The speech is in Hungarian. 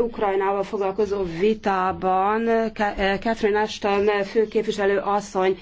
Ukrajnával foglalkozó vitában Catherine Ashton főképviselő asszony